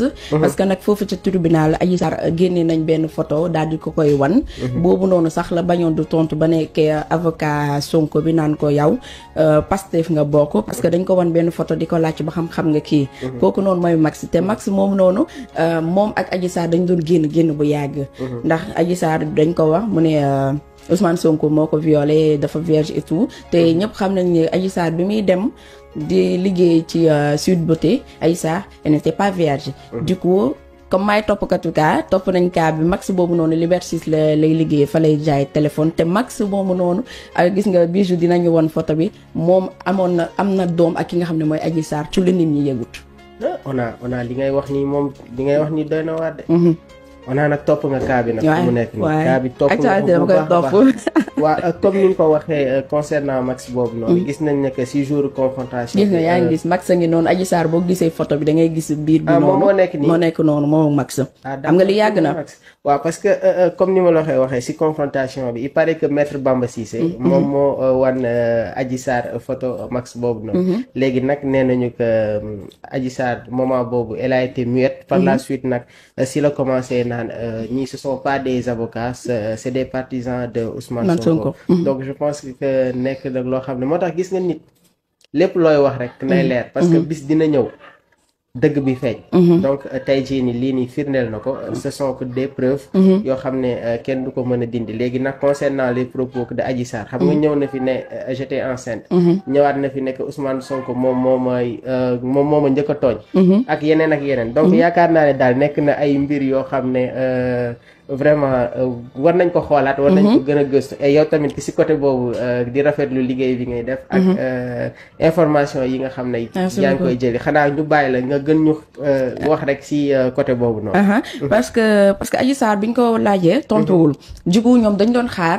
Uh-huh. parce que nag foofu ca tribunal Adji Sarr euh, génne nañ benn photo daal di ko koy wan uh-huh. boobu noonu sax la bañoon du tontu ba nekkee euh, avocat Sonko bi naan ko yow euh, Pastef nga bokk parce que dañ ko wan benn photo di ko laaj ba xam-xam nga kii uh-huh. kooku noonu mooy Max te Max moom noonu moom ak Adji Sarr dañ doon génn génn bu yàgg ndax Adji Sarr dañ ko wax mu ne Ousmane Sonko moo ko violé dafa vierge et te ñëpp xam nañ ne Adji Sarr bi muy dem di liggéey ci euh, Sweet Beauté Adji Sarr elle n'était pas vierge du coup comme maay toppkatu kaa topp nañ kaa bi max boobu noonu Liberté la lay liggéey fa lay jaay téléphone te max boobu noonu ah, gis nga bijou dinañu woon foto bi moom amoon na am na doom ak ki nga xam ne mooy Adji Sarr ci lu nit ñi yëgut ah, on nag topp nga kaa bi nag. mu nekk nii kaa bi topp nga ko bu baax a baax waaw euh, comme ni nga ko waxee euh, concernant Max boobu noonu. Mm. gis nañ ne que si jour confrontation. gis nga yaa ngi euh, gis Max a ngi noonu Adji Sarr boo gisee photo bi da ngay gis biir bi. Ah, noonu moo nekk nii moo nekk noonu moo Max. Ah, am nga li yàgg na. waaw parce que comme ni ma la waxee waxee si confrontation bi il paraît que maître Bamba Cissé. Mm-hmm. moom moo wan Adji Sarr photo Max boobu noonu. Mm-hmm. léegi nag nee nañu que Adji Sarr moment boobu elle a été muette. par la mm-hmm. suite nag si la commencé na. ni euh, ne ce sont pas des avocats c'est des partisans de Ousmane Sonko mhm. donc je pense que nek n'est lo xam ne moo gis nga nit lepp loy wax rek nay mhm. parce que mhm. bis dina ñëw dëgg bi feeñ mhm. donc euh, ni euh, ce sont que des preuves concernant les propos de Adji Sarr xam nga mhm. ñëw na fi euh, enceinte mhm. na ak ak donc vraiment war nañ ko xolaat war nañ ko gëna gëstu et yow tamit ci côté bobu di rafetlu liggéey bi ngay def mhm. ak ah, eh, information yi nga xamné yaa ngi jëli xana ñu bayyi la nga gën ñu wax rek ci côté bobu non parce que parce que aji sar biñ ko lajé tontuul jigu ñom dañ doon xaar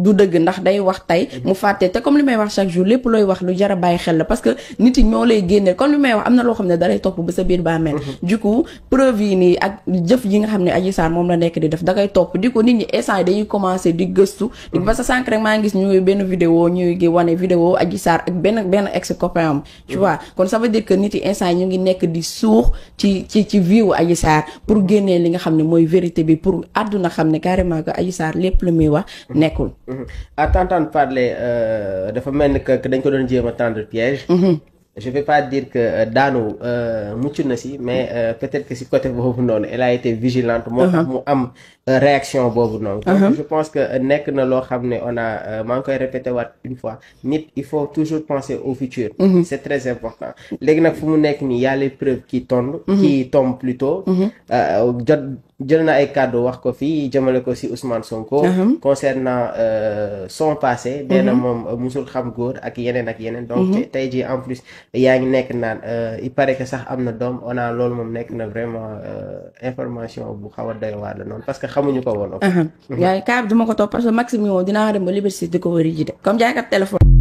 du deug ndax day wax tay mu faté té comme limay wax chaque jour lépp loy wax lu jara a xel parce que nit yi ñoo lay génne comme limay wax amna lo xamné da lay top bu sa biir bàmmeel mhm. du coup preuve yi nii ak jëf yi nga xamné ne Adji Sarr moom la nekk di def da koy top di ko nit ñi instant yi dañuy commencer di gëstu di mhm. parce que sank rek ma ngi gis ñuy benn vidéo ñuy gi wane vidéo Adji Sarr ak benn benn ex copain am tu mhm. vois kon ça veut dire que nit yi instant yi ñu ngi nekk di sour ci ci ci viwu Adji Sarr pour génnee li nga xamné moy vérité bi pour aduna xamné carrément que Adji Sarr lépp lu muy wax nekkul à t'entendre parler, euh, de femmes que, que d'un coup, on dit, on va piège. Mhm je vais pas dire que Danou, euh, euh na si mais euh, peut-être que si côté boobu non, elle a été vigilante moo tax uh-huh. mu am euh, réaction boobu non. donc uh-huh. je pense que nek na lo xamné on a maa koy répété waat une fois nit il faut toujours penser au futur mm-hmm. c'est très important Légui nak fumu nek ni nii y a les preuves qui tombent mm-hmm. qui tombent plutôt mm-hmm. jot jël na ay kàddu wax ko fi jëmale ko si Ousmane Sonko. Uh-huh. concernant son passé nee mom musul xam góor ak yenen ak yenen donc tey en plus yaa ngi nekk naan euh, il paraît que sax am na doom on a loolu moom nekk na vraiment euh, information bu xaw a doy waar la noonu parce que xamuñu ko woon. yaay kaar bi duma ko topp parce maximum dinaa dem ba Liberté di ko wëri ji de comme jaaykat téléphone.